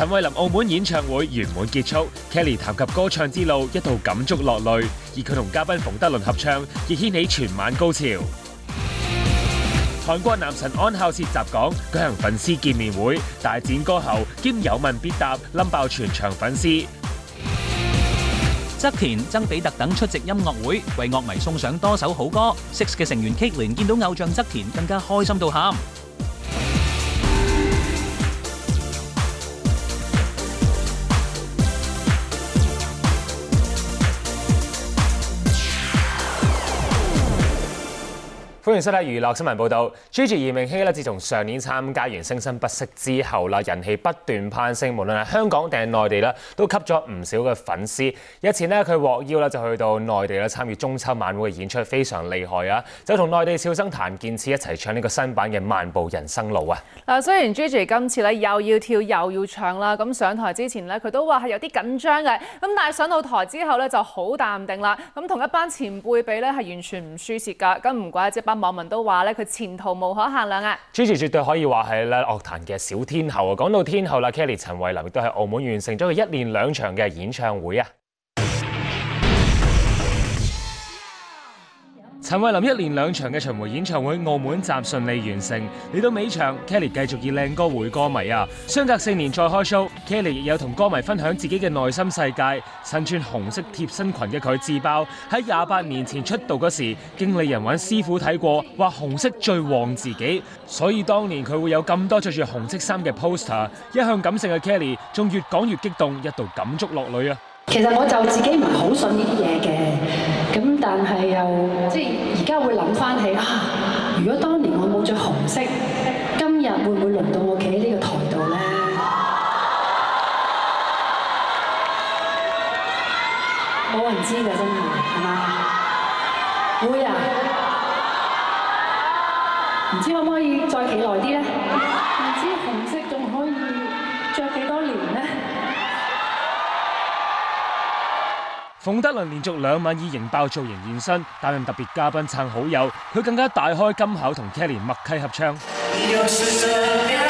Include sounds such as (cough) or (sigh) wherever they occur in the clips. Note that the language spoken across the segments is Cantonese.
陳慧琳澳門演唱會圓滿結束，Kelly 談及歌唱之路，一度感觸落淚，而佢同嘉賓馮德倫合唱，亦掀起全晚高潮。韓國男神安孝燮襲港舉行粉絲見面會，大展歌喉兼有問必答，冧爆全場粉絲。側田、曾比特等出席音樂會，為樂迷送上多首好歌。Six 嘅成員 Kitlin 見到偶像側田，更加開心到喊。歡迎收睇娛樂新聞報道，Gigi 炎明熹咧，自從上年參加完《聲生不息》之後啦，人氣不斷攀升，無論係香港定係內地啦，都吸咗唔少嘅粉絲。日前咧，佢獲邀啦，就去到內地啦參與中秋晚會嘅演出，非常厲害啊！就同內地小生檀健次一齊唱呢個新版嘅《漫步人生路》啊！嗱，雖然 Gigi 今次咧又要跳又要唱啦，咁上台之前咧，佢都話係有啲緊張嘅，咁但係上到台之後咧就好淡定啦。咁同一班前輩比咧，係完全唔輸蝕㗎。咁唔怪之得一班網民都話咧，佢前途無可限量啊！Gigi 絕對可以話係咧樂壇嘅小天后啊！講到天后，Kelly 陳慧琳亦都喺澳門完成咗佢一年兩場嘅演唱會啊！陳慧琳一連兩場嘅巡迴演唱會澳門站順利完成。嚟到尾場 Kelly 繼續以靚歌回歌迷啊！相隔四年再開 show，Kelly 亦有同歌迷分享自己嘅內心世界。身穿紅色貼身裙嘅佢自爆喺廿八年前出道嗰時，經理人揾師傅睇過，話紅色最旺自己，所以當年佢會有咁多着住紅色衫嘅 poster。一向感性嘅 Kelly 仲越講越激動，一度感觸落淚啊！其實我就自己唔好信呢啲嘢嘅。但係又，即係而家會諗返起啊！如果當年我冇著紅色，今日會唔會輪到我企喺呢個台度咧？冇 (music) 人知㗎，真係。馮德倫連續兩晚以型爆造型現身，擔任特別嘉賓撐好友，佢更加大開金口同 Kelly 默契合唱。 (music)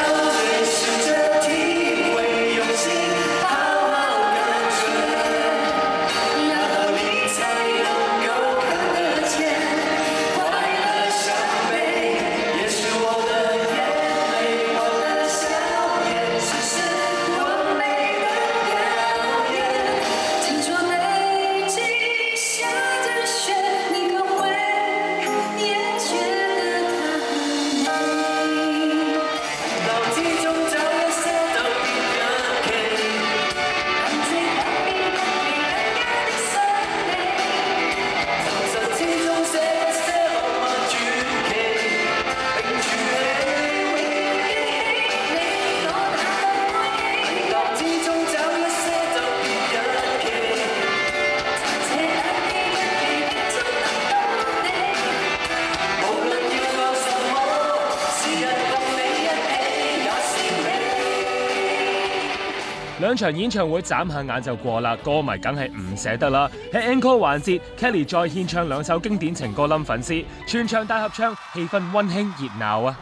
兩場演唱會眨下眼就過啦，歌迷梗係唔捨得啦。喺 Encore 環節，Kelly 再獻唱兩首經典情歌絲，冧粉絲，串唱大合唱，氣氛溫馨熱鬧啊！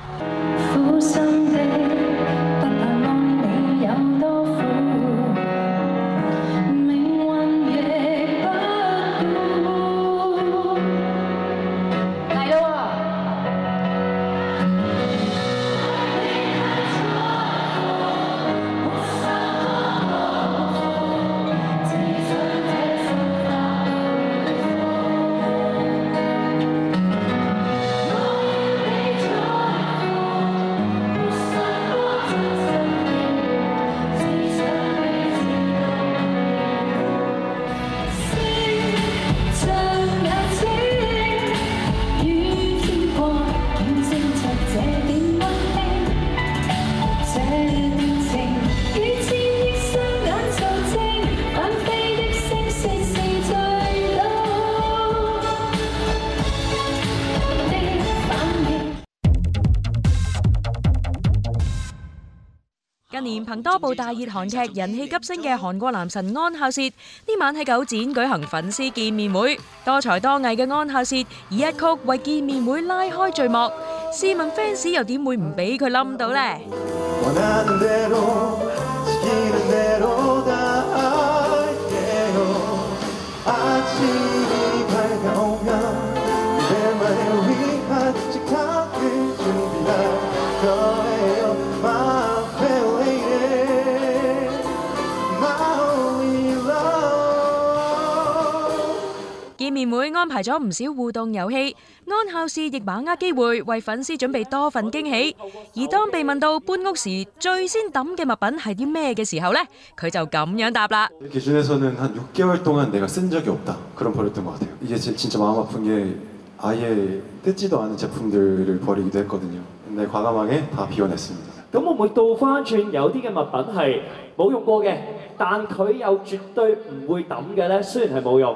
連憑多部大熱韓劇人氣急升嘅韓國男神安孝燮，呢晚喺九展舉行粉絲見面會。多才多藝嘅安孝燮以一曲為見面會拉開序幕，試問 fans 又點會唔俾佢冧到呢？年會安排咗唔少互動遊戲，安孝燮亦把握機會為粉絲準備多份驚喜。而當被問到搬屋時最先揼嘅物品係啲咩嘅時候咧，佢就咁樣答啦。咁會唔會倒翻轉有啲嘅物品係冇用過嘅，但佢又絕對唔會揼嘅咧？雖然係冇用。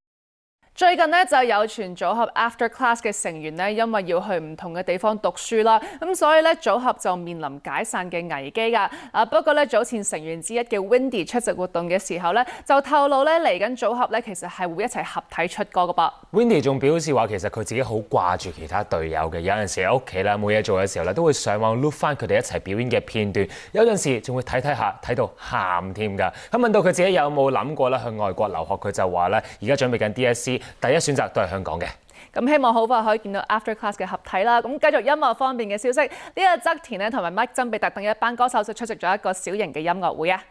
最近咧就有傳組合 After Class 嘅成員咧，因為要去唔同嘅地方讀書啦，咁所以咧組合就面臨解散嘅危機噶。啊不過咧早前成員之一嘅 Wendy 出席活動嘅時候咧，就透露咧嚟緊組合咧其實係會一齊合體出歌噶噃。Wendy 仲表示話其實佢自己好掛住其他隊友嘅，有陣時喺屋企啦冇嘢做嘅時候咧都會上網 look 翻佢哋一齊表演嘅片段，有陣時仲會睇睇下睇到喊添噶。咁問到佢自己有冇諗過啦去外國留學，佢就話咧而家準備緊 DSC。第一選擇都係香港嘅，咁希望好快可以見到 After Class 嘅合體啦。咁繼續音樂方面嘅消息，這個、呢個側田咧同埋麥、曾比特等一班歌手就出席咗一個小型嘅音樂會啊！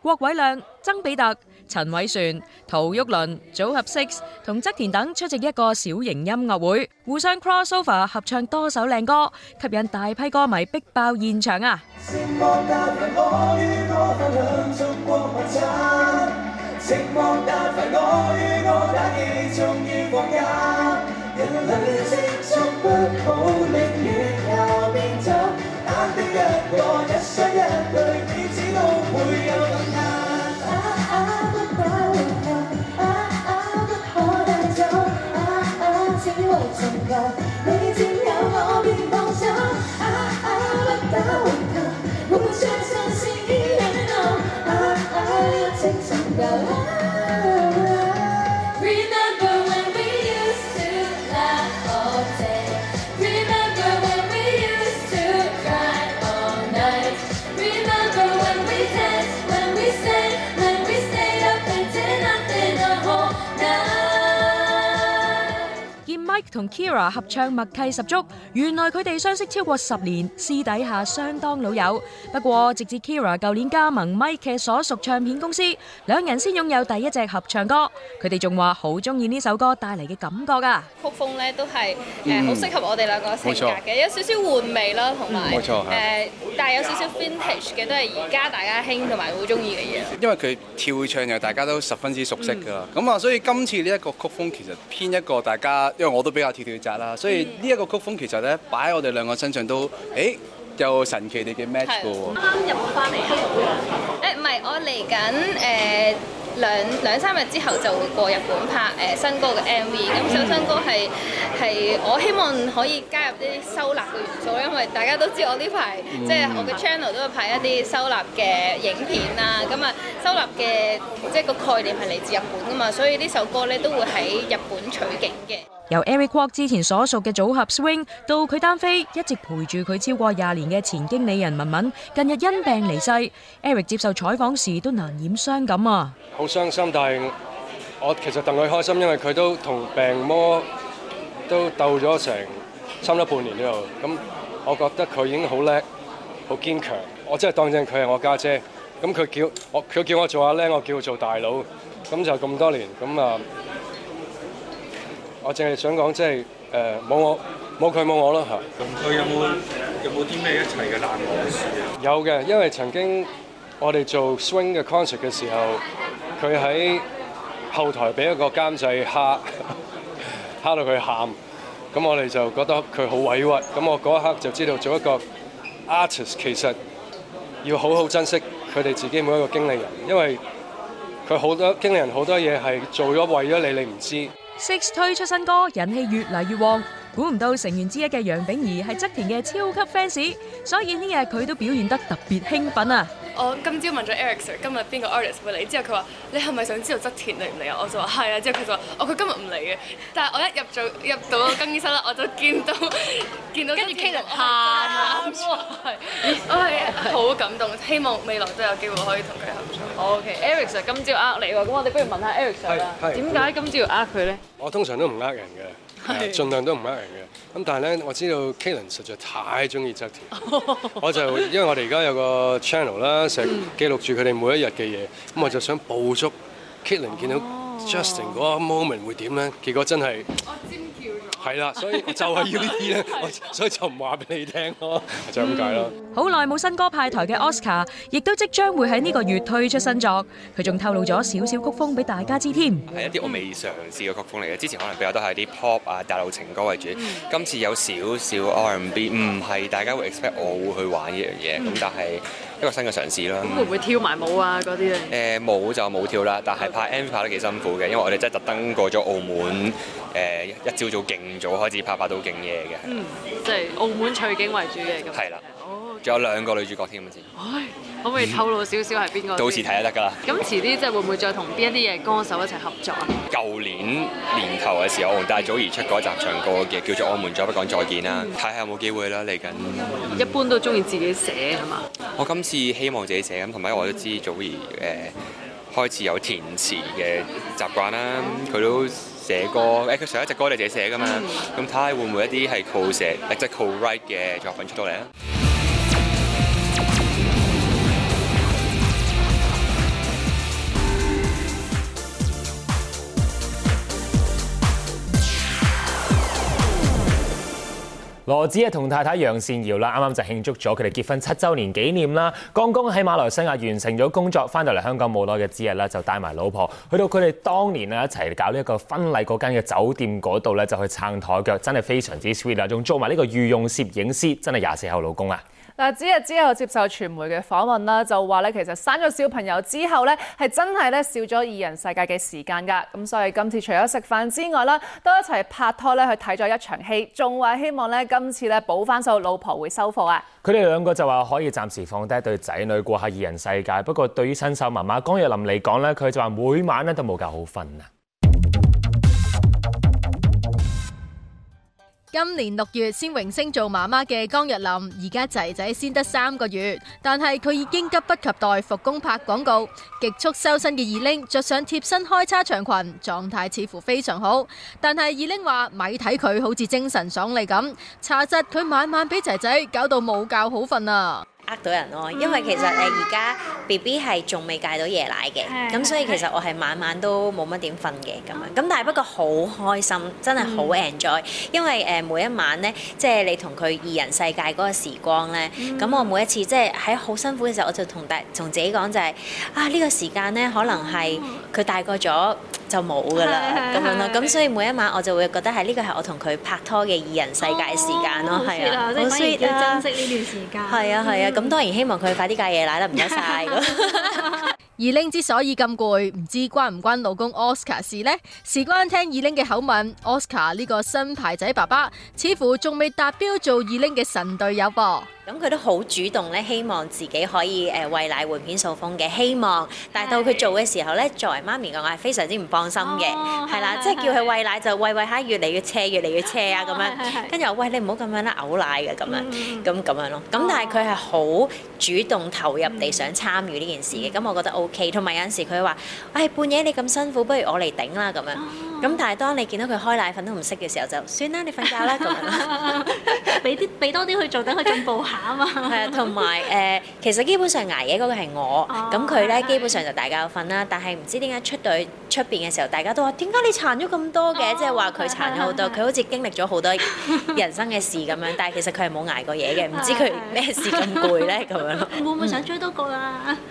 郭偉亮、曾比特。陳偉璇、陶旭麟組合 Six 同側田等出席一個小型音樂會，互相 crossover 合唱多首靚歌，吸引大批歌迷，逼爆現場啊！同 Kira 合唱默契十足，原來佢哋相識超過十年，私底下相當老友。不過直至 Kira 舊年加盟 Mike 所屬唱片公司，兩人先擁有第一隻合唱歌。佢哋仲話好中意呢首歌帶嚟嘅感覺㗎。曲風呢都係誒好適合我哋兩個性格嘅，有少少玩味咯，同埋冇錯誒但係有少少 Vintage 嘅，都係而家大家興同埋好中意嘅嘢。因為佢跳唱又大家都十分之熟悉噶，咁啊，所以今次呢一個曲風其實偏一個大家，因為我都。比較跳跳紮啦，所以呢一個曲風其實咧，擺喺我哋兩個身上都，誒又神奇地嘅 match 個喎。啱啱入咗返嚟，誒唔係我嚟緊誒兩兩三日之後就會過日本拍誒新歌嘅 MV。咁首新歌係係我希望可以加入啲收納嘅元素，因為大家都知我呢排即係我嘅 channel 都會拍一啲收納嘅影片啦。咁啊，收納嘅即係個概念係嚟自日本㗎嘛，所以呢首歌咧都會喺日本取景嘅。由 Eric 郭、ok、之前所屬嘅組合 Swing 到佢單飛，一直陪住佢超過廿年嘅前經理人文文，近日因病離世。Eric 接受採訪時都難掩傷感啊！好傷心，但係我其實戥佢開心，因為佢都同病魔都鬥咗成差唔多半年度，咁我覺得佢已經好叻，好堅強。我真係當正佢係我家姐、姐，咁佢叫我佢叫我做阿叻，我叫佢做大佬，咁就咁多年，咁啊。我淨係想講，即係誒冇我冇佢，冇我咯吓，咁佢有冇有冇啲咩一齊嘅難忘嘅事？有嘅，因為曾經我哋做 swing 嘅 concert 嘅時候，佢喺後台俾一個監製嚇 (laughs) 嚇到佢喊。咁我哋就覺得佢好委屈。咁我嗰一刻就知道，做一個 artist 其實要好好珍惜佢哋自己每一個經理人，因為佢好多經理人好多嘢係做咗為咗你，你唔知。Six 推出新歌，人氣越嚟越旺。估唔到成員之一嘅楊炳儀係側田嘅超級 fans，所以呢日佢都表現得特別興奮啊！我今朝問咗 Eric Sir 今日邊個 artist 會嚟，之後佢話：你係咪想知道側田嚟唔嚟啊？我就話：係啊。之後佢就話：哦，佢今日唔嚟嘅。但係我一入咗入到更衣室啦，我就見到見到跟住 k 人 i s 我係好感動，希望未來都有機會可以同佢合作。OK，Eric Sir 今朝呃你喎，咁我哋不如問下 Eric Sir 啦，點解今朝要呃佢咧？我通常都唔呃人嘅。係，盡量都唔一人唔一樣嘅。咁、嗯、但係咧，我知道 Kieron 實在太中意側田， (laughs) 我就因為我哋而家有個 channel 啦，成日記錄住佢哋每一日嘅嘢。咁、嗯、我就想捕捉 Kieron 見到 Justin 嗰 moment 會點咧，結果真係。 (laughs) 係啦，所以就係要呢啲咧，所以就唔話俾你聽咯，就係咁解啦。好耐冇新歌派台嘅 Oscar，亦都即將會喺呢個月推出新作，佢仲透露咗少少曲風俾大家知添。係一啲我未嘗試嘅曲風嚟嘅，之前可能比較都係啲 pop 啊、大陸情歌為主，今次有少少 R&B，唔係大家會 expect 我會去玩呢樣嘢，咁但係。一個新嘅嘗試啦。咁、嗯、會唔會跳埋舞啊？嗰啲啊？誒、呃，舞就冇跳啦，但係拍 MV 拍得幾辛苦嘅，因為我哋真係特登過咗澳門，誒、呃、一朝早勁早開始拍，拍到勁夜嘅。嗯，即係澳門取景為主嘅。咁，係啦的。哦。仲有兩個女主角添咁啊？先、哦。Okay. 可唔可以透露少少係邊個？到時睇下得噶啦。咁遲啲即係會唔會再同邊一啲嘅歌手一齊合作啊？舊年年頭嘅時候，我同戴祖兒出嗰集唱歌嘅叫做《我們再不講再見》啦，睇下、嗯、有冇機會啦嚟緊。嗯、一般都中意自己寫係嘛？我今次希望自己寫咁，同埋因為我都知祖兒誒開始有填詞嘅習慣啦，佢都寫歌，佢、欸、上一隻歌你自己寫噶嘛。咁睇下會唔會一啲係 co 寫，即係 co-write 嘅作品出到嚟啊？羅子溢同太太楊茜堯啦，啱啱就慶祝咗佢哋結婚七周年紀念啦。剛剛喺馬來西亞完成咗工作，返到嚟香港冇耐嘅子溢咧，就帶埋老婆去到佢哋當年啊一齊搞呢一個婚禮嗰間嘅酒店嗰度咧，就去撐台腳，真係非常之 sweet 啦。仲做埋呢個御用攝影師，真係廿四孝老公啊！嗱，子溢之後接受傳媒嘅訪問啦，就話咧其實生咗小朋友之後咧，係真係咧少咗二人世界嘅時間㗎。咁所以今次除咗食飯之外啦，都一齊拍拖咧去睇咗一場戲，仲話希望咧今次咧補翻數，老婆會收貨啊！佢哋兩個就話可以暫時放低對仔女過下二人世界，不過對於新手媽媽江若琳嚟講咧，佢就話每晚咧都冇夠好瞓啊！今年六月先榮陞做媽媽嘅江若琳，而家仔仔先得三個月，但係佢已經急不及待復工拍廣告，極速修身嘅 Eling 着上貼身開叉長裙，狀態似乎非常好。但係 Eling 話：咪睇佢好似精神爽利咁，查實佢晚晚俾仔仔搞到冇覺好瞓啊！呃到人咯，因為其實誒而家 BB 係仲未戒到夜奶嘅，咁的所以其實我係晚晚都冇乜點瞓嘅咁啊，咁、嗯、但係不過好開心，真係好 enjoy，因為誒每一晚咧，即、就、係、是、你同佢二人世界嗰個時光咧，咁、嗯、我每一次即係喺好辛苦嘅時候，我就同大同自己講就係、是、啊呢、這個時間咧，可能係佢大個咗。就冇噶啦，咁是樣咯，咁所以每一晚我就會覺得係呢個係我同佢拍拖嘅二人世界時間咯，係、哦、啊，好需要珍惜呢、嗯、段時間。係啊係啊，咁、啊嗯、當然希望佢快啲戒夜奶得唔得晒。 (laughs) (laughs) 二而之所以咁攰，唔知關唔關老公 oscar 事呢？事關聽二 i 嘅口吻，oscar 呢個新牌仔爸爸似乎仲未達標做二 i 嘅神隊友噃。咁佢都好主動咧，希望自己可以誒餵奶換片掃風嘅希望。但係到佢做嘅時候咧，的作為媽咪嘅我係非常之唔放心嘅，係啦、哦，即係叫佢餵奶就餵餵下，越嚟越斜越嚟越斜啊咁樣。跟住、哦、我話喂，你唔好咁樣啦、呃，嘔奶嘅咁樣咁咁樣咯。咁但係佢係好主動投入地想參與呢件事嘅，咁、嗯、我覺得 OK。同埋有陣時佢話，唉，半夜你咁辛苦，不如我嚟頂啦咁樣。哦咁但係當你見到佢開奶粉都唔識嘅時候，就算啦，你瞓覺啦咁樣，俾啲俾多啲去做，等佢進步下啊嘛。係啊， (laughs) 同埋誒，其實基本上捱夜嗰個係我，咁佢咧基本上就大覺瞓啦。但係唔知點解出到出面嘅時候，大家都話點解你殘咗咁多嘅？即係話佢殘咗好多，佢、哦、好似經歷咗好多人生嘅事咁樣。 (laughs) 但係其實佢係冇捱過嘢嘅，唔知佢咩事咁攰咧咁樣。會唔會想追多個啊？ (laughs)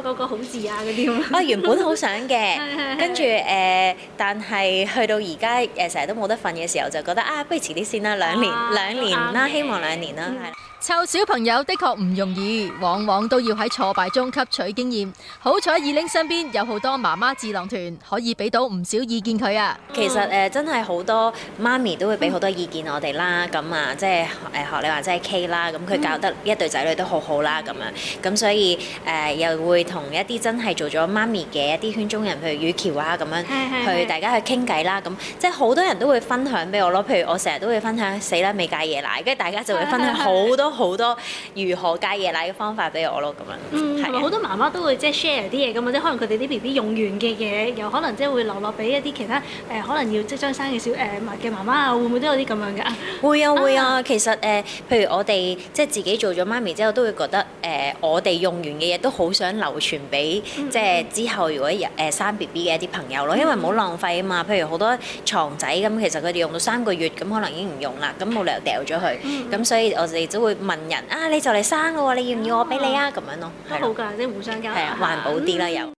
湊個好字啊，嗰啲啊啊，原本好想嘅， (laughs) 跟住誒、呃，但係去到而家誒，成日都冇得瞓嘅時候，就覺得啊，不如遲啲先啦，兩年兩、啊、年啦、啊，希望兩年啦。嗯湊小朋友的確唔容易，往往都要喺挫敗中吸取經驗。好彩二玲身邊有好多媽媽智囊團可以俾到唔少意見佢啊。其實誒、呃、真係好多媽咪都會俾好多意見我哋啦。咁啊，即係誒、呃、學你話齋 K 啦，咁佢教得一對仔女都好好啦。咁樣咁所以誒、呃、又會同一啲真係做咗媽咪嘅一啲圈中人，譬如雨喬啊咁樣是是是去大家去傾偈啦。咁、啊、即係好多人都會分享俾我咯。譬如我成日都會分享死啦未戒夜奶，跟住大家就會分享好多。好多如何戒夜奶嘅方法俾我咯，咁、嗯、啊，嗯，係咪好多媽媽都會即係 share 啲嘢咁啊，即係可能佢哋啲 B B 用完嘅嘢，有可能即係會留落俾一啲其他誒、呃、可能要即係將生嘅小誒嘅、呃、媽媽會會啊，會唔會都有啲咁樣噶？會啊會啊，啊其實誒、呃，譬如我哋即係自己做咗媽咪之後，都會覺得誒、呃，我哋用完嘅嘢都好想流傳俾、嗯、即係之後如果有誒、呃、生 B B 嘅一啲朋友咯，因為唔好浪費啊嘛。譬如好多床仔咁，其實佢哋用到三個月咁，可能已經唔用啦，咁冇理由掉咗佢，咁、嗯、所以我哋都會。問人啊，你就嚟生嘅喎，你要唔要我俾你啊？咁樣咯，都好噶，你互相交。係啊，環保啲啦又。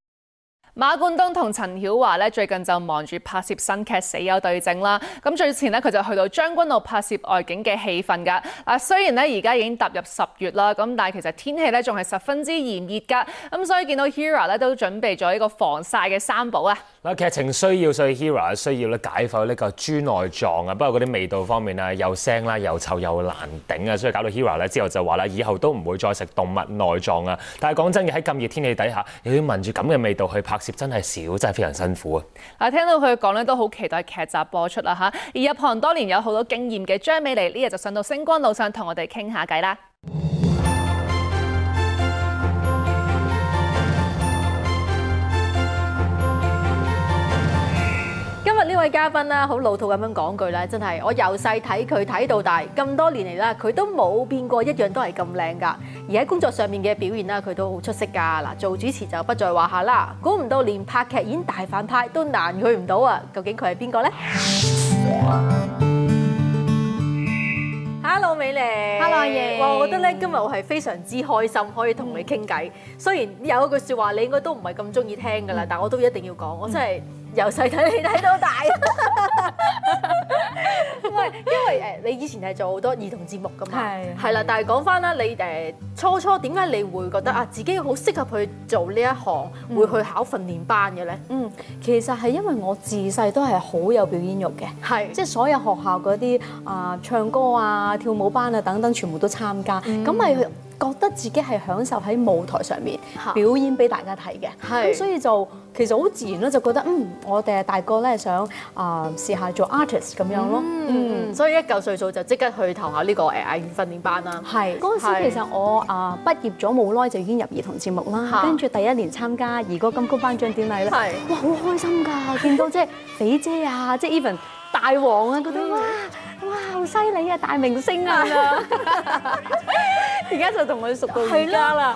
馬冠東同陳曉華咧最近就忙住拍攝新劇《死有對症》啦。咁最前咧佢就去到將軍澳拍攝外景嘅氣氛㗎。嗱，雖然咧而家已經踏入十月啦，咁但係其實天氣咧仲係十分之炎熱㗎。咁所以見到 Hera 咧都準備咗呢個防曬嘅三寶啊。嗱，劇情需要所以 Hera 需要咧解剖呢個豬內臟啊，不過嗰啲味道方面啊，又腥啦，又臭又難頂啊，所以搞到 Hera 咧之後就話啦，以後都唔會再食動物內臟啊。但係講真嘅，喺咁熱天氣底下，要聞住咁嘅味道去拍攝，真係少，真係非常辛苦啊！嗱，聽到佢講咧，都好期待劇集播出啦嚇。而入行多年有好多經驗嘅張美妮呢日就上到星光路上同我哋傾下偈啦。今日呢位嘉賓啦，好老套咁樣講句啦，真係我由細睇佢睇到大咁多年嚟啦，佢都冇變過，一樣都係咁靚噶。而喺工作上面嘅表現啦，佢都好出色噶。嗱，做主持就不在話下啦，估唔到連拍劇演大反派都難佢唔到啊！究竟佢係邊個咧？Hello，美玲。Hello，爺。哇，我覺得咧，今日我係非常之開心，可以同你傾偈。雖然有一句説話，你應該都唔係咁中意聽噶啦，但我都一定要講，我真係。由細睇你睇到大，唔 (laughs) (laughs) 因為誒你以前係做好多兒童節目㗎嘛，係啦。但係講翻啦，你誒初初點解你會覺得啊自己好適合去做呢一行，嗯、會去考訓練班嘅咧？嗯，其實係因為我自細都係好有表演欲嘅，係即係所有學校嗰啲啊唱歌啊跳舞班啊等等，全部都參加，咁咪、嗯。覺得自己係享受喺舞台上面表演俾大家睇嘅，咁是的 所以就其實好自然咯，就覺得嗯，我哋大個咧想啊試下做 artist 咁樣咯，嗯、呃，所以一夠歲數就即刻去投考呢個誒藝員訓練班啦，係嗰陣時是的 其實我啊畢業咗冇耐，就已經入兒童節目啦，跟住是的 第一年參加兒歌金曲頒獎典禮咧是的，哇好開心㗎，見到即係肥姐啊，即係 Even 大王啊嗰啲。哇！好犀利啊，大明星啊！而家就同佢熟到而家啦，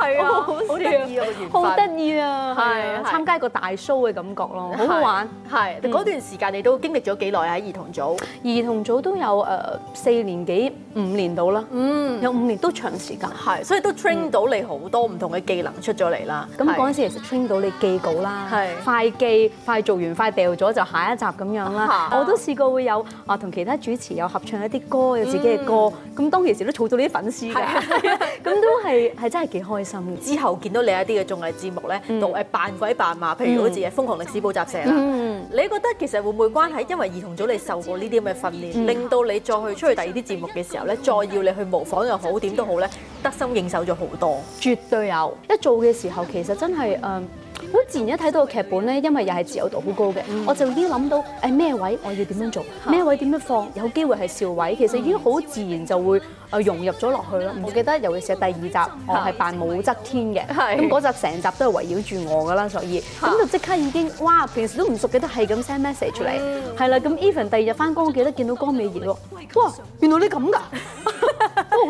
好得意啊！好得意啊！係參加一個大 show 嘅感覺咯，好好玩。係嗰段時間，你都經歷咗幾耐喺兒童組？兒童組都有誒四年幾五年到啦。嗯，有五年都長時間。係，所以都 train 到你好多唔同嘅技能出咗嚟啦。咁嗰陣時其實 train 到你記稿啦，快記快做完快掉咗就下一集咁樣啦。我都試過會有啊，同其他主持有。唱一啲歌，有自己嘅歌，咁當其時都儲到啲粉絲嘅，咁都係係真係幾開心。之後見到你一啲嘅綜藝節目咧，同誒扮鬼扮馬，譬如好似係《瘋狂歷史補習社》啦，你覺得其實會唔會關係因為兒童組你受過呢啲咁嘅訓練，令到你再去出去第二啲節目嘅時候咧，再要你去模仿又好，點都好咧，得心應手咗好多。絕對有，一做嘅時候其實真係誒。好自然一睇到劇本咧，因為又係自由度好高嘅，嗯、我就已經諗到誒咩位我要點樣做，咩是位點樣放，有機會係笑位，其實已經好自然就會。融入咗落去咯，我記得尤其係第二集，我係扮武則天嘅，咁嗰集成集都係圍繞住我㗎啦，所以咁就即刻已經，哇！平時都唔熟嘅都係咁 send message 出嚟，係啦，咁 Even 第二日翻工，我記得見到江美儀喎，哇！原來你咁㗎，哇！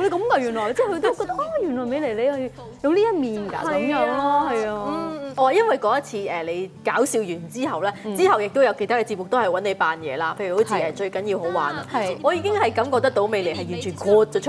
你咁㗎原來，即係佢都覺得，哦，原來美妮你係有呢一面㗎，咁樣咯，係啊，哦，因為嗰一次誒你搞笑完之後咧，之後亦都有其他嘅節目都係揾你扮嘢啦，譬如好似誒最緊要好玩啊，我已經係感覺得到美妮係完全 cut 咗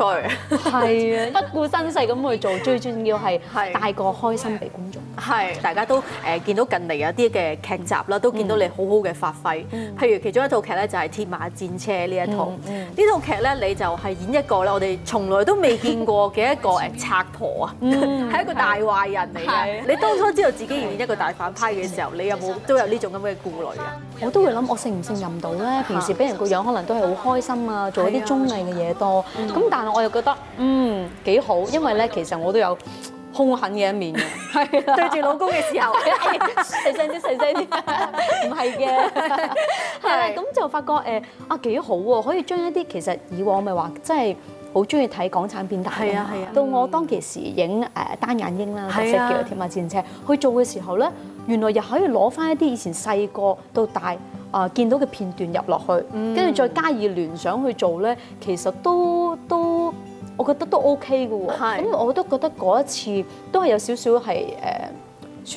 係啊，不顧身世咁去做，最重要係帶個開心俾觀眾。係，大家都誒見到近嚟有啲嘅劇集啦，都見到你好好嘅發揮。譬如其中一套劇咧，就係《鐵馬戰車》呢一套。呢套劇咧，你就係演一個咧，我哋從來都未見過嘅一個誒賊婆啊，係一個大壞人嚟嘅。你當初知道自己要演一個大反派嘅時候，你有冇都有呢種咁嘅顧慮啊？我都會諗我勝唔勝任到咧，平時俾人個樣可能都係好開心啊，做一啲綜藝嘅嘢多，咁、嗯、但係我又覺得嗯幾好，因為咧其實我都有兇狠嘅一面嘅，是的 對住老公嘅時候細聲啲細聲啲，唔係嘅，咁就發覺誒啊幾好喎，可以將一啲其實以往咪話即係。就是好中意睇港產片㗎嘛？係啊、係啊、到我當其時影誒單眼英啦，或者係、啊、叫鐵馬戰車，去做嘅時候咧，原來又可以攞翻一啲以前細個到大啊見到嘅片段入落去，跟住再加以聯想去做咧，其實都都我覺得都 OK 嘅喎。咁係、啊、我都覺得嗰一次都係有少少係誒，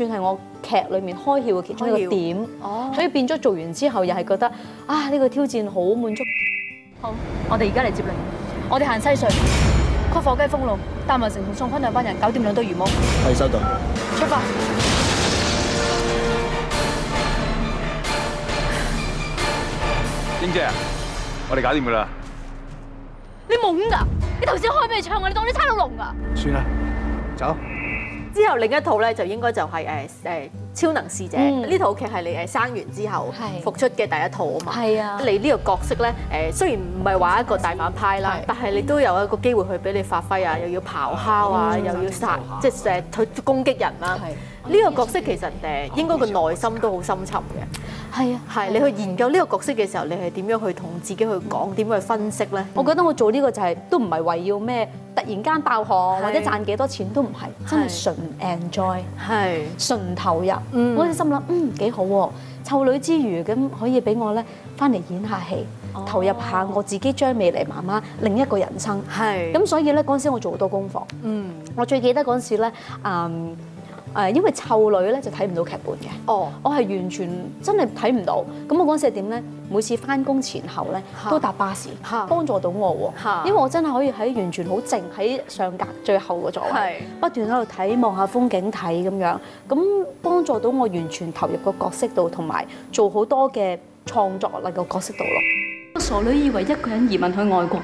算係我劇裏面開竅嘅其中一個點。哦，開竅所以變咗做完之後，又係覺得啊，呢個挑戰好滿足好。好，我哋而家嚟接你。我哋行西隧，叫火雞封路，達民成同宋坤兩班人搞掂兩堆魚毛。係，收到，出發。英姐啊，我哋搞掂噶啦。你懵噶？你頭先開咩槍啊？你當啲差佬龍啊？算啦，走。之後另一套咧，就應該就係誒誒。超能使者呢、嗯、套劇係你誒生完之後復出嘅第一套是是啊嘛，你呢個角色咧誒雖然唔係話一個大反派啦，但係你都有一個機會去俾你發揮啊，又要咆哮啊，嗯、又要殺即係成日去攻擊人啦。呢是個角色其實誒看應該個內心都好深沉嘅。係啊，係、啊、你去研究呢個角色嘅時候，你係點樣去同自己去講，點、嗯、去分析呢？我覺得我做呢個就係、係、都唔係為要咩突然間爆紅、啊、或者賺幾多錢都唔係，啊、真係純 enjoy、啊、純投入。嗯、我嗰陣心諗嗯幾好喎、啊，湊女之餘咁可以俾我呢返嚟演下戲，投入下我自己將未來媽媽另一個人生。係、哦。咁、啊啊、所以呢，嗰陣時我做好多功課。嗯。我最記得嗰陣時咧，嗯。嗯嗯誒，因為臭女咧就睇唔到劇本嘅。哦，我係完全真係睇唔到。咁我嗰陣時係點咧？每次翻工前後咧是的 都搭巴士，是的 幫助到我喎。是的 因為我真係可以喺完全好靜喺上格最後個座是的 不斷喺度睇望下風景睇咁樣。咁幫助到我完全投入個角色度，同埋做好多嘅創作嚟個角色度咯。傻女以為一個人移民去外國，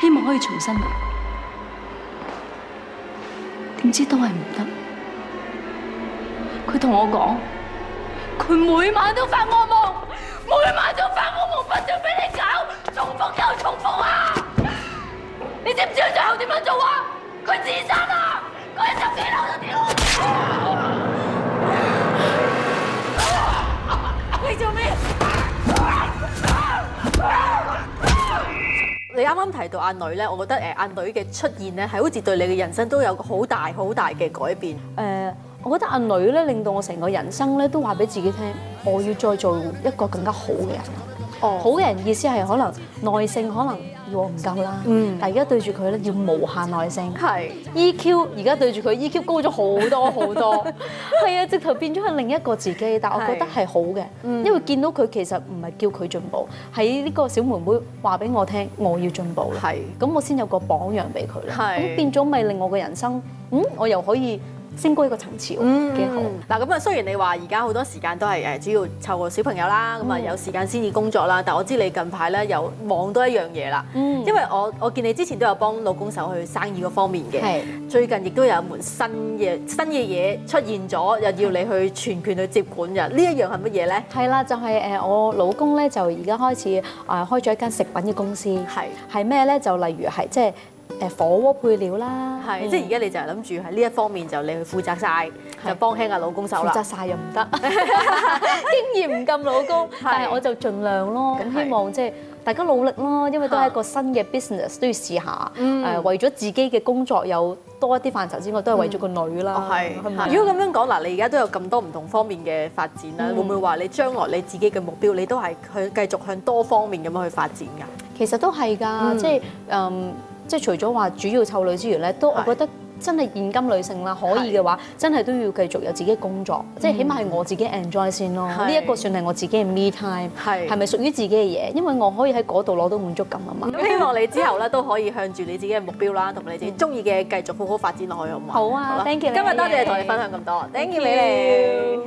希望可以重新，點知都係唔得。佢同我講，佢每晚都發惡夢，每晚都發惡夢，不斷俾你搞，重複又重複啊！你知唔知佢最後點樣做啊？佢自殺啊！佢十幾樓都跳，跳、啊、你做咩？你啱啱提到阿女咧，我覺得誒阿女嘅出現咧，係好似對你嘅人生都有好大好大嘅改變誒。呃我覺得阿女咧令到我成個人生咧都話俾自己聽，我要再做一個更加好嘅人。哦，好嘅人意思係可能耐性可能要我唔夠啦。嗯，但而家對住佢咧要無限耐性。係 EQ，而家對住佢 EQ 高咗好多好多。係啊，直頭變咗係另一個自己，但係我覺得係好嘅，因為見到佢其實唔係叫佢進步，喺呢個小妹妹話俾我聽，我要進步啦。係，咁我先有個榜樣俾佢啦。係，咁變咗咪令我嘅人生，嗯，我又可以。升高一個層次，嗯，幾好。嗱咁啊，雖然你話而家好多時間都係誒，主要湊個小朋友啦，咁啊、嗯、有時間先至工作啦。但我知你近排咧有忙多一樣嘢啦。嗯。因為我我見你之前都有幫老公手去生意嗰方面嘅。係是。最近亦都有一門新嘅新嘅嘢出現咗，又要你去全權去接管嘅。呢一樣係乜嘢咧？係啦，就係誒，我老公咧就而家開始誒開咗一間食品嘅公司。係是。係咩咧？就例如係即係。就是誒火鍋配料啦，係即係而家你就係諗住喺呢一方面就你去負責晒，就幫輕啊老公手啦。負責曬又唔得，經驗唔夠老公，但係我就盡量咯。咁希望即係大家努力咯，因為都係一個新嘅 business，都要試下。誒為咗自己嘅工作有多一啲範疇之外，都係為咗個女啦。係，如果咁樣講嗱，你而家都有咁多唔同方面嘅發展啦，會唔會話你將來你自己嘅目標，你都係向繼續向多方面咁樣去發展㗎？其實都係㗎，即係誒。即係除咗話主要湊女之餘咧，都我覺得真係現今女性啦，可以嘅話，是的 真係都要繼續有自己嘅工作，即係起碼係我自己 enjoy 先咯。呢一個算係我自己嘅 me time，係咪屬於自己嘅嘢？因為我可以喺嗰度攞到滿足感啊嘛。 (laughs) 希望你之後咧都可以向住你自己嘅目標啦，同你自己中意嘅繼續好好發展落去好唔好好啊，Thank you！吧謝今日多謝同你，你，們 你分享咁多，Thank you！謝麗你！美麗，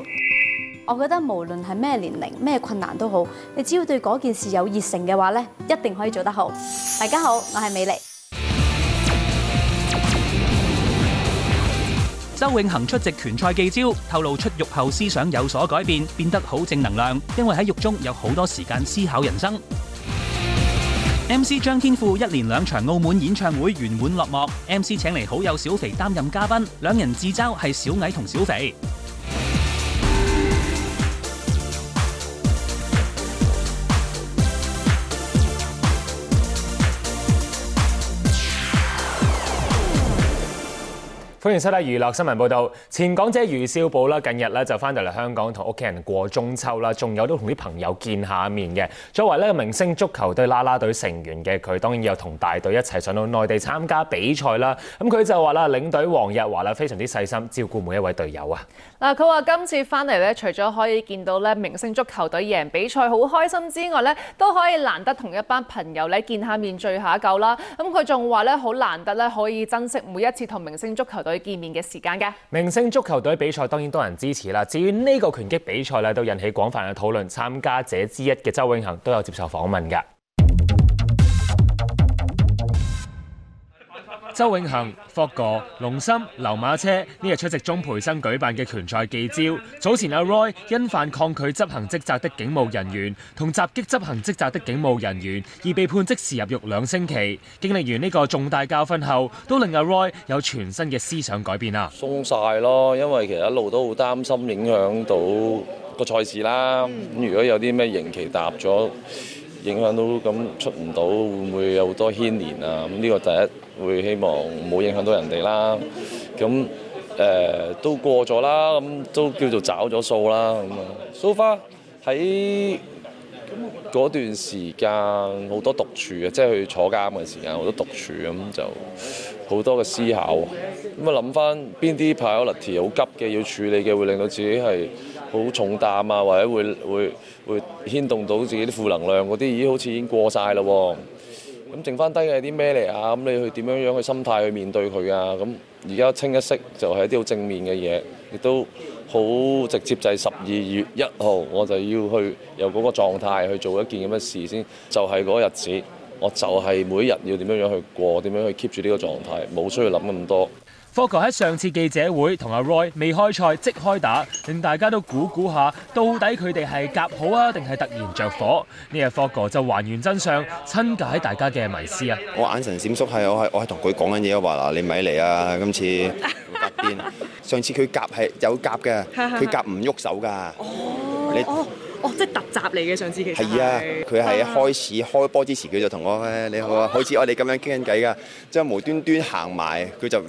我覺得無論係咩年齡、咩困難都好，你只要對嗰件事有熱誠嘅話咧，一定可以做得好。大家好，我係美麗。周永恒出席拳賽記招，透露出獄後思想有所改變，變得好正能量，因為喺獄中有好多時間思考人生。MC 張天賦一連兩場澳門演唱會圓滿落幕，MC 請嚟好友小肥擔任嘉賓，兩人自嘲係小矮同小肥。歡迎收睇娛樂新聞報道。前港姐余少寶啦，近日咧就翻到嚟香港同屋企人過中秋啦，仲有都同啲朋友見下面嘅。作為呢個明星足球隊啦啦隊成員嘅佢，當然有同大隊一齊上到內地參加比賽啦。咁佢就話啦，領隊黃日華啦，非常之細心照顧每一位隊友啊。嗱，佢話今次翻嚟咧，除咗可以見到咧明星足球隊贏比賽好開心之外咧，都可以難得同一班朋友咧見下面聚下舊啦。咁佢仲話咧，好難得咧可以珍惜每一次同明星足球隊見面嘅時間嘅。明星足球隊比賽當然多人支持啦，至於呢個拳擊比賽咧，都引起廣泛嘅討論。參加者之一嘅周永恒都有接受訪問㗎。周永恒、霍哥、龍心、劉馬車呢日出席鍾培生舉辦嘅拳賽記招。早前阿 Roy 因犯抗拒執行職責的警務人員同襲擊執行職責的警務人員，而被判即時入獄兩星期。經歷完呢個重大教訓後，都令阿 Roy 有全新嘅思想改變啊。鬆曬咯，因為其實一路都好擔心影響到個賽事啦。咁如果有啲咩刑期搭咗，影響到咁出唔到，會唔會有好多牽連啊？咁呢個第一。會希望冇影響到人哋啦，咁、嗯、誒、呃、都過咗啦，咁都叫做找咗數啦。so far 喺嗰段時間好多獨處嘅，即係去坐監嘅時間好多獨處，咁、嗯、就好多嘅思考。咁啊諗翻邊啲 priority 好急嘅要處理嘅，會令到自己係好重擔啊，或者會會會牽動到自己啲負能量嗰啲，已經好似已經過晒嘞喎。咁剩翻低嘅啲咩嚟啊？咁你去點樣樣去心態去面對佢啊？咁而家清一色就係一啲好正面嘅嘢，亦都好直接。就係十二月一號，我就要去由嗰個狀態去做一件咁嘅事先，就係嗰日子，我就係每日要點樣樣去過，點樣去 keep 住呢個狀態，冇需要諗咁多。Fogger 喺上次記者會同阿 Roy 未開賽即開打，令大家都估估下到底佢哋係夾好啊定係突然着火？呢日 Fogger 就還原真相，親解大家嘅迷思啊！我眼神閃縮係，我係我係同佢講緊嘢啊！話嗱，你咪嚟啊！今次夾邊， (laughs) 上次佢夾係有夾嘅，佢夾唔喐手噶。哦，即係突襲嚟嘅，上次其實係啊，佢係開始開波之前，佢就同我，你好啊，好似我哋咁樣傾緊偈㗎，之後係無端端行埋，佢就咁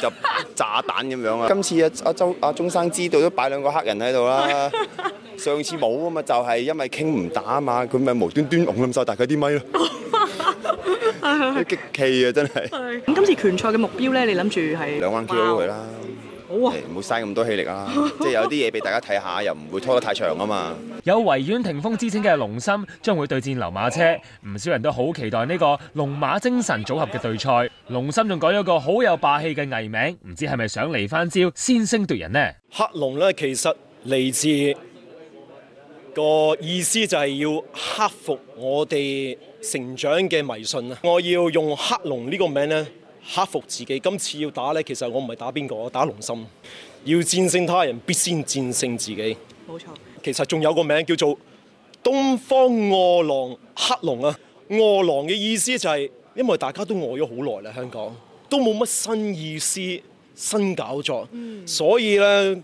就炸彈咁樣啊！今次阿阿周阿鐘生知道都擺兩個黑人喺度啦，上次冇啊嘛，就係因為傾唔打啊嘛，佢咪無端端㧬咁晒，大家啲麥咯，激氣啊真係！咁今次拳賽嘅目標咧，你諗住係兩 round K O 佢啦。唔好嘥咁多氣力啊，即係有啲嘢俾大家睇下，又唔會拖得太長啊嘛。有維園霆鋒之稱嘅龍心將會對戰流馬車，唔少人都好期待呢個龍馬精神組合嘅對賽。龍心仲改咗個好有霸氣嘅藝名，唔知係咪想嚟翻招先聲奪人呢？黑龍呢，其實嚟自個意思就係要克服我哋成長嘅迷信啊！我要用黑龍呢個名呢。克服自己，今次要打呢。其實我唔係打邊個，打龍心。要戰勝他人，必先戰勝自己。冇錯，其實仲有個名叫做東方餓狼克龍啊！餓狼嘅意思就係、是，因為大家都餓咗好耐啦，香港都冇乜新意思、新搞作，嗯、所以呢，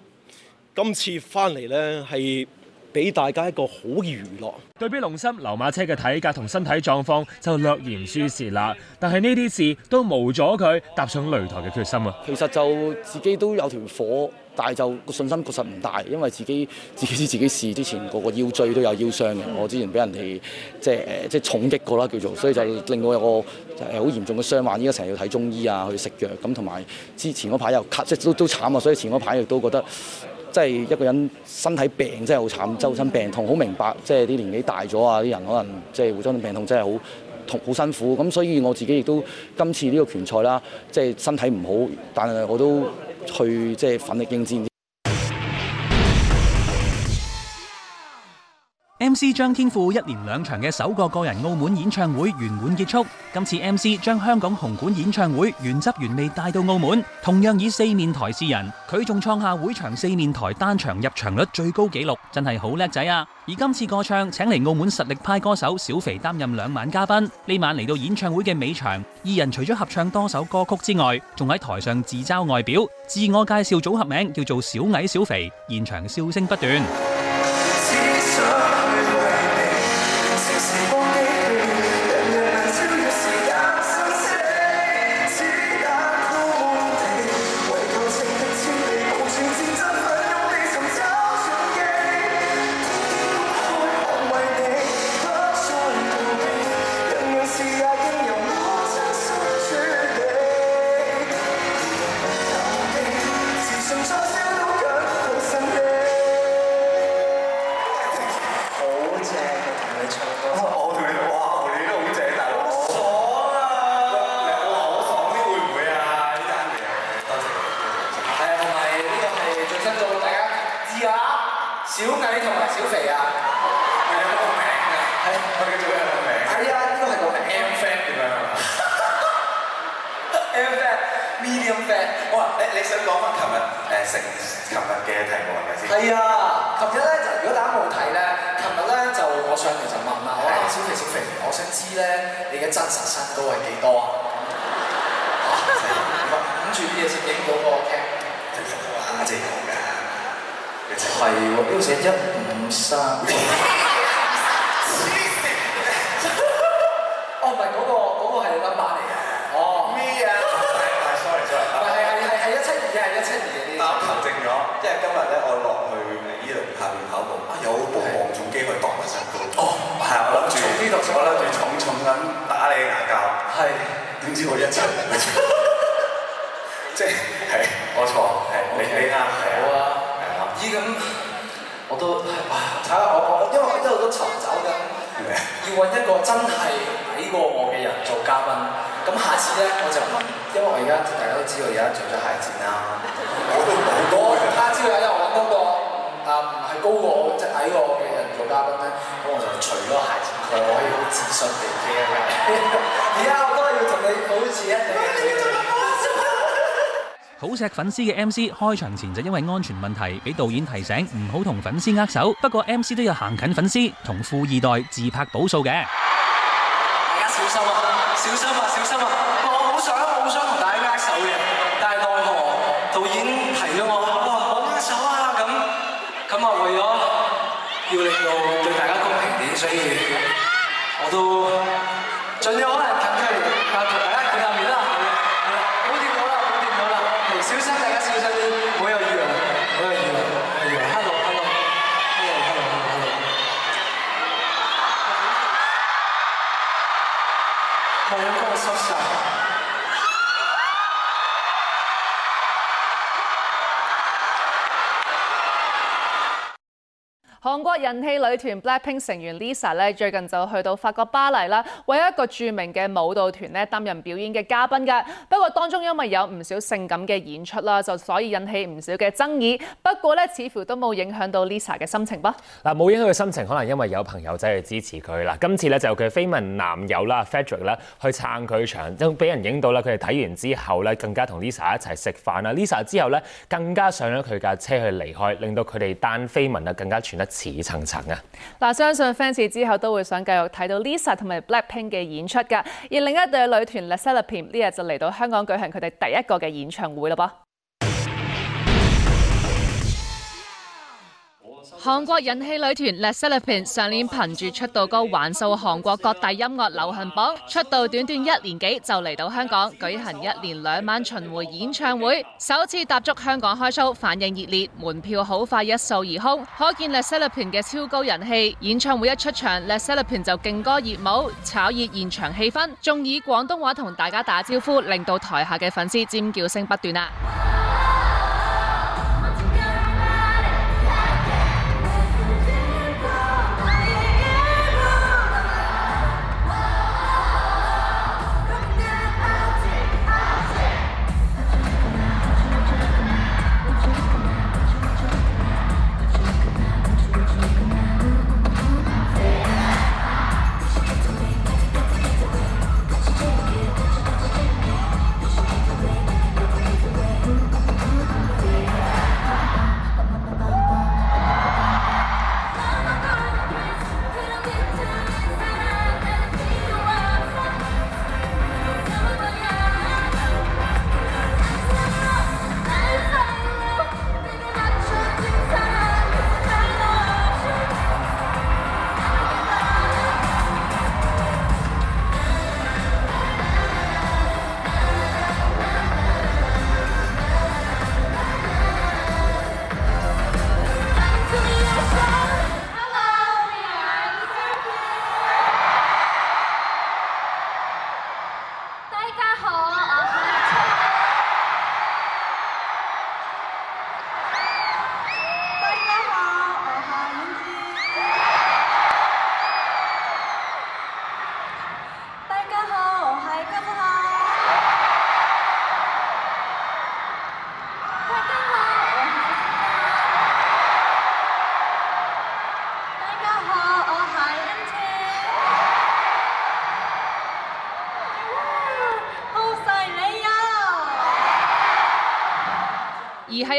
今次翻嚟呢係。俾大家一個好嘅娛樂。對比龍心、劉馬車嘅體格同身體狀況就略嫌舒蝕啦。但係呢啲事都冇阻佢踏上擂台嘅決心啊。其實就自己都有條火，但係就個信心確實唔大，因為自己自己知自己事，之前個個腰椎都有腰傷嘅。我之前俾人哋即係誒、即係重擊過啦叫做，所以就令到有一個誒、好嚴重嘅傷患，依家成日要睇中醫啊，去食藥咁，同埋之前嗰排又咳，即都都慘啊，所以前嗰排亦都覺得。即係一個人身體病，真係好慘，周身病痛，好明白。即係啲年紀大咗啊，啲人可能即係會周身病痛，真痛，真係好痛好辛苦。咁所以我自己亦都今次呢個拳賽啦，即係身體唔好，但係我都去即係奮力應戰。M C 張天賦一連兩場嘅首個個人澳門演唱會圓滿結束。今次 M C 將香港紅館演唱會原汁原味帶到澳門，同樣以四面台示人。佢仲創下會場四面台單場入場率最高紀錄，真係好叻仔啊！而今次個唱請嚟澳門實力派歌手小肥擔任兩晚嘉賓。呢晚嚟到演唱會嘅尾場，二人除咗合唱多首歌曲之外，仲喺台上自嘲外表、自我介紹組合名叫做小矮小肥，現場笑聲不斷。我都睇下我我，因為我一路都尋找緊，要揾一個真係矮過我嘅人做嘉賓。咁下次咧，我就因為我而家大家都知道，而家著咗鞋展啦，我都冇好多。下知道，因為我揾嗰 (laughs) 個啊唔係高過、嗯、我即係矮過我嘅人做嘉賓咧，咁我就除咗鞋展，佢可以好自信地遮嘅。而家我都係要同你好似咧。好錫粉絲嘅 MC 開場前就因為安全問題俾導演提醒唔好同粉絲握手，不過 MC 都有行近粉絲同富二代自拍倒數嘅。大家小心啊！小心啊！小心啊！我好想，我好想同大家握手嘅，但係奈何導演提咗我，哇，唔握手啊，咁，咁啊為咗要令到對大家公平啲，所以我都。國人氣女團 BLACKPINK 成員 Lisa 咧，最近就去到法國巴黎啦，為一個著名嘅舞蹈團咧擔任表演嘅嘉賓㗎。不過當中因為有唔少性感嘅演出啦，就所以引起唔少嘅爭議。不過咧，似乎都冇影響到 Lisa 嘅心情噃。嗱，冇影響佢心情，可能因為有朋友仔去支持佢啦。今次咧就佢緋聞男友啦，Frederick 啦，去撐佢場，又俾人影到啦。佢哋睇完之後咧，更加同 Lisa 一齊食飯啦。Lisa 之後咧，更加上咗佢架車去離開，令到佢哋單緋聞啊更加傳得遲。幾層層啊！嗱，相信 fans 之後都會想繼續睇到 Lisa 同埋 Blackpink 嘅演出㗎。而另一隊女團 LE SSERAFIM 呢日就嚟到香港舉行佢哋第一個嘅演唱會啦噃。韓國人氣女團 LE SSERAFIM 上年憑住出道歌橫掃韓國各大音樂流行榜，出道短短一年幾就嚟到香港舉行一連兩晚巡迴演唱會，首次踏足香港開 show，反應熱烈，門票好快一掃而空，可見 LE SSERAFIM 嘅超高人氣。演唱會一出場，LE SSERAFIM 就勁歌熱舞，炒熱現場氣氛，仲以廣東話同大家打招呼，令到台下嘅粉絲尖叫聲不斷啊！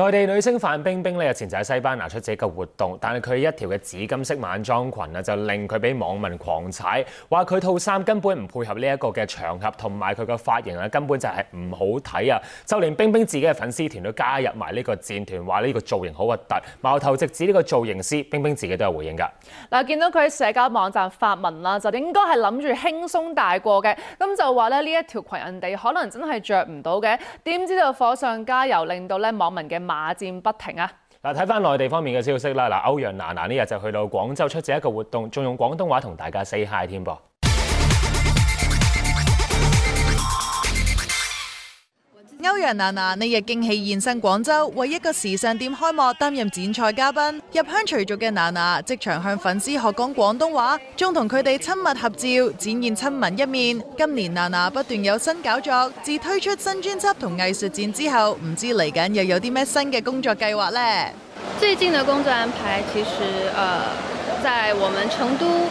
內地女星范冰冰咧日前就喺西班牙出席一個活動，但係佢一條嘅紫金色晚裝裙咧就令佢俾網民狂踩，話佢套衫根本唔配合呢一個嘅場合，同埋佢嘅髮型咧根本就係唔好睇啊！就連冰冰自己嘅粉絲團都加入埋呢個戰團，話呢個造型好核突，矛頭直指呢個造型師。冰冰自己都有回應㗎。嗱，見到佢社交網站發文啦，就應該係諗住輕鬆帶過嘅，咁就話咧呢一條裙人哋可能真係着唔到嘅，點知道火上加油，令到咧網民嘅罵戰不停啊！嗱，睇翻內地方面嘅消息啦。嗱，歐陽娜娜呢日就去到廣州出席一個活動，仲用廣東話同大家 say hi 添噃。歐陽娜娜呢日驚喜現身廣州，為一個時尚店開幕擔任剪彩嘉賓。入鄉隨俗嘅娜娜，即場向粉絲學講廣東話，仲同佢哋親密合照，展現親民一面。今年娜娜不斷有新搞作，自推出新專輯同藝術展之後，唔知嚟緊又有啲咩新嘅工作計劃呢？最近嘅工作安排，其實，誒，在我們成都。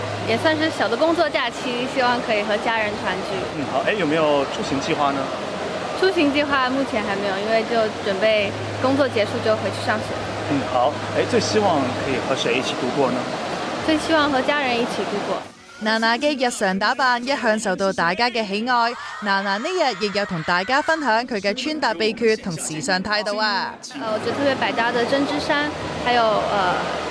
也算是小的工作假期，希望可以和家人團聚。嗯，好，哎，有沒有出行計劃呢？出行計劃目前還沒有，因為就準備工作結束就回去上學。嗯，好，哎，最希望可以和誰一起度過呢？最希望和家人一起度過。娜娜嘅日常打扮一向受到大家嘅喜愛，娜娜呢日亦有同大家分享佢嘅穿搭秘訣同時尚態度啊。呃、我覺得特別百搭嘅針織衫，還有，誒、呃。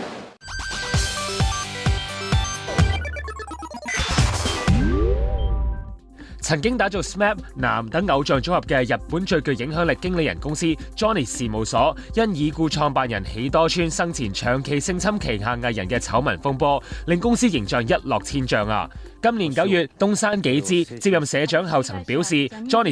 曾經打造 SMAP、男等偶像組合嘅日本最具影響力經理人公司 Johnny 事務所，因已故創辦人喜多川生前長期性侵旗下藝人嘅醜聞風波，令公司形象一落千丈啊！今年九月，東山紀之接任社長後曾表示，Johnny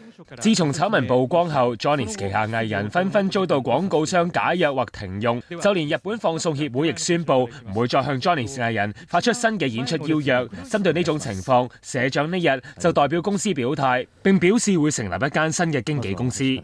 自從醜聞曝光後，Johnny 旗下藝人紛紛遭到廣告商解約或停用，就連日本放送協會亦宣布唔會再向 Johnny 藝人發出新嘅演出邀約。針對呢種情況，社長呢日就代表公司表態，並表示會成立一間新嘅經紀公司。 (music)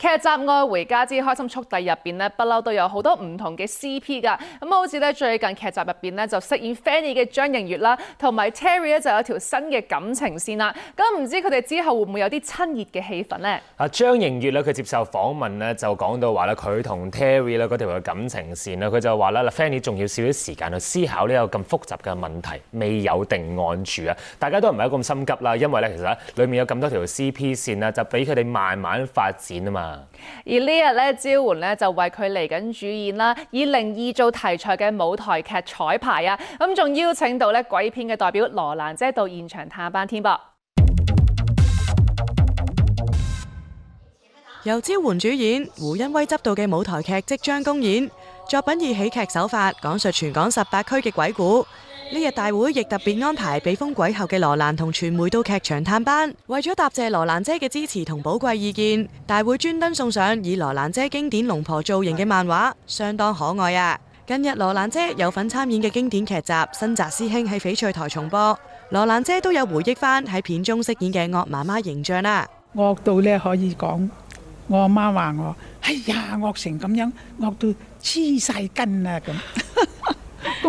劇集《愛回家之開心速遞》入邊呢，不嬲都有好多唔同嘅 CP 噶。咁好似咧最近劇集入邊呢，就飾演 Fanny 嘅張盈月啦，同埋 Terry 咧就有一條新嘅感情線啦。咁唔知佢哋之後會唔會有啲親熱嘅氣氛呢？啊，張盈月咧，佢接受訪問呢，就講到話咧，佢同 Terry 咧嗰條嘅感情線咧，佢就話啦，Fanny 仲要少少時間去思考呢個咁複雜嘅問題，未有定案住啊。大家都唔係咁心急啦，因為咧其實裏面有咁多條 CP 線啦，就俾佢哋慢慢發展啊嘛。而呢日咧招援咧就為佢嚟緊主演啦，以靈異做題材嘅舞台劇綵排啊，咁仲邀請到咧鬼片嘅代表羅蘭姐到現場探班添噃。由招援主演胡恩威執導嘅舞台劇即將公演，作品以喜劇手法講述全港十八區嘅鬼故。呢日大會亦特別安排被封鬼后嘅羅蘭同傳媒到劇場探班，為咗答謝羅蘭姐嘅支持同寶貴意見，大會專登送上以羅蘭姐經典龍婆造型嘅漫畫，相當可愛啊！近日羅蘭姐有份參演嘅經典劇集《新紮師兄》喺翡翠台重播，羅蘭姐都有回憶翻喺片中飾演嘅惡媽媽形象啦、啊。惡到呢可以講，我阿媽話我，哎呀，惡成咁樣，惡到黐晒筋啊咁。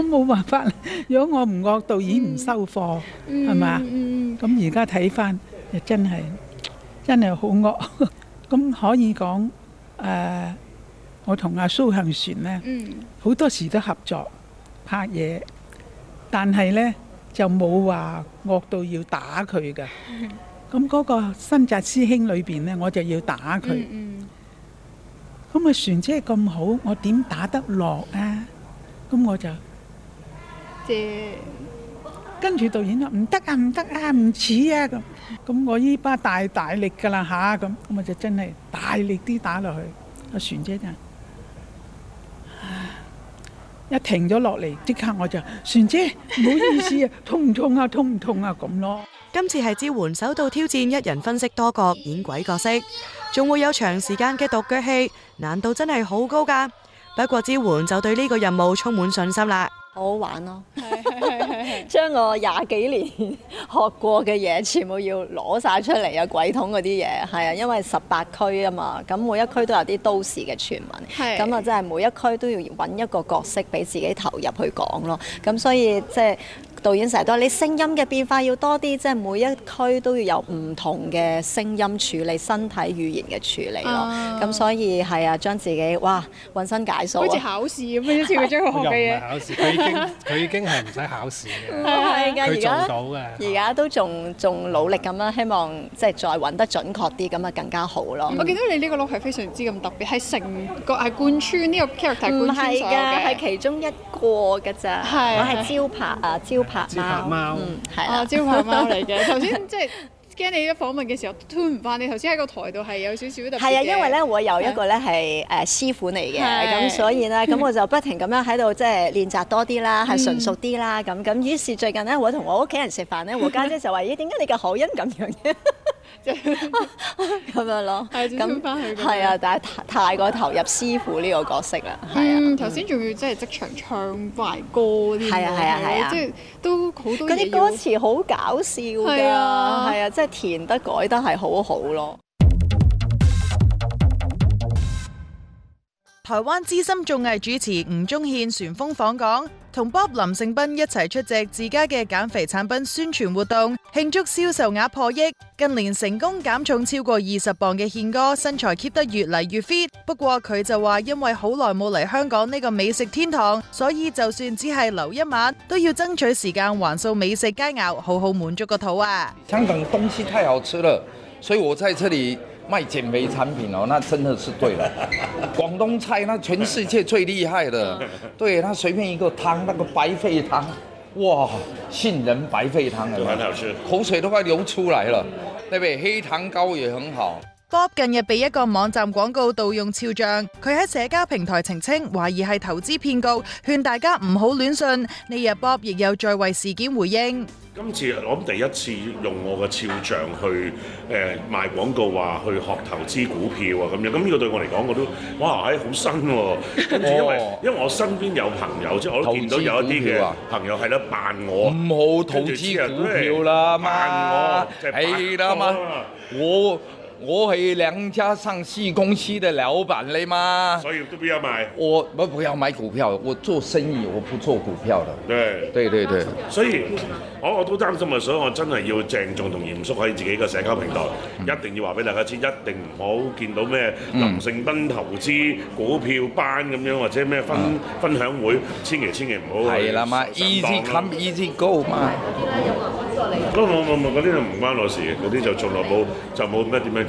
我冇辦法， (laughs) 如果我唔惡到已唔收貨，係嘛、嗯？咁而家睇翻，又、嗯嗯、真係真係好惡。咁 (laughs) 可以講誒、呃，我同阿蘇杏璇呢，好、嗯、多時都合作拍嘢，但係呢，就冇話惡到要打佢嘅。咁嗰、嗯嗯、個新紮師兄裏邊呢，我就要打佢。咁阿、嗯嗯、璇真咁好，我點打得落啊？咁我就。跟住導演話，唔得啊，唔得啊，唔似啊咁，咁我依巴大大力噶啦嚇咁，咁我就真係大力啲打落去，阿船姐就一停咗落嚟，即刻我就，船姐唔好意思啊，痛唔痛啊？痛唔痛啊？咁咯。今次係支援首度挑戰一人分飾多角演鬼角色，仲會有長時間嘅獨腳戲，難度真係好高噶。不過支援就對呢個任務充滿信心啦。好玩咯，將 (laughs) 我廿幾年學過嘅嘢全部要攞晒出嚟，有鬼桶嗰啲嘢，係啊，因為十八區啊嘛，咁每一區都有啲都市嘅傳聞，係，咁啊，即係每一區都要揾一個角色俾自己投入去講咯，咁所以即係。導演成日都話你聲音嘅變化要多啲，即係每一區都要有唔同嘅聲音處理、身體語言嘅處理咯。咁、uh, 所以係啊，將自己哇渾身解數、啊，好似考試咁樣，好似佢將學嘅嘢。考試，佢、啊、 (laughs) 已經佢已經係唔使考試嘅。唔係㗎，而而家都仲仲努力咁樣，希望即係再揾得準確啲，咁啊更加好咯。嗯、我記得你呢個 look 係非常之咁特別，係成個係貫穿呢個 character 貫穿嘅，係其中一個㗎咋。 (laughs) (laughs) 我係招牌啊，招啊。招招牌貓，嗯，係啊的，招牌、哦、貓嚟嘅。頭先即係驚你一訪問嘅時候吞唔翻你。頭先喺個台度係有少少特別嘅。係啊，因為咧我有一個咧係誒師傅嚟嘅，咁的所以咧咁我就不停咁樣喺度即係練習多啲啦，係純熟啲啦。咁咁、嗯、於是，最近咧我同我屋企人食飯咧，我，我家我姐、姐就話：咦， (laughs) 點解你嘅口音咁樣嘅？咁 (laughs) 樣咯，咁翻去，係啊樣，但係樣太，太過投入師傅呢個角色啦，係 (laughs) 啊，頭先仲要即係即場唱快歌啲嘢，即係都好多。嗰啲歌詞好搞笑㗎，係啊，即係、啊就是、填得改得係好好咯。嗯、台灣資深綜藝主持吳宗憲旋風訪港，同 Bob 林盛斌一齊出席自家嘅減肥產品宣傳活動，慶祝銷售額破億。近年成功減重超過二十磅嘅憲哥，身材 keep 得越嚟越 fit。不過佢就話，因為好耐冇嚟香港呢個美食天堂，所以就算只係留一晚，都要爭取時間橫掃美食佳餚，好好滿足個肚啊！香港東西太好吃了，所以我在這裡。賣減肥產品哦，那真的是對了。廣東菜，那全世界最厲害的，對，那隨便一個湯，那個白肺湯，哇，杏仁白肺湯，對，很好吃，口水都快流出來了。特別黑糖糕也很好。Bob 近日被一個網站廣告盜用肖像，佢喺社交平台澄清，懷疑係投資騙局，勸大家唔好亂信。呢日 Bob 亦有再為事件回應。今次我諗第一次用我嘅肖像去誒、呃、賣廣告，話去學投資股票啊咁樣，咁呢個對我嚟講，我都哇，唉、哎，好新喎、啊。因為、哦、因為我身邊有朋友即係我都見到有一啲嘅朋友係咧扮我，唔好投資股票啦、啊、嘛，係啦嘛，我。我係兩家上市公司嘅老闆嚟嘛，所以都不要買。我不不要買股票，我做生意，我不做股票嘅。對，對對對。所以我，我我都擔心啊，所以我真係要鄭重同嚴肅喺自己個社交平台一，一定要話俾大家知，一定唔好見到咩林盛斌投資股票班咁樣，或者咩分、嗯、分，分享會，千祈千祈唔好係。係啦嘛，Easy Come Easy Go，嘛、嗯嗯啊。啲就唔關我事，啲就從來冇就冇咩點樣。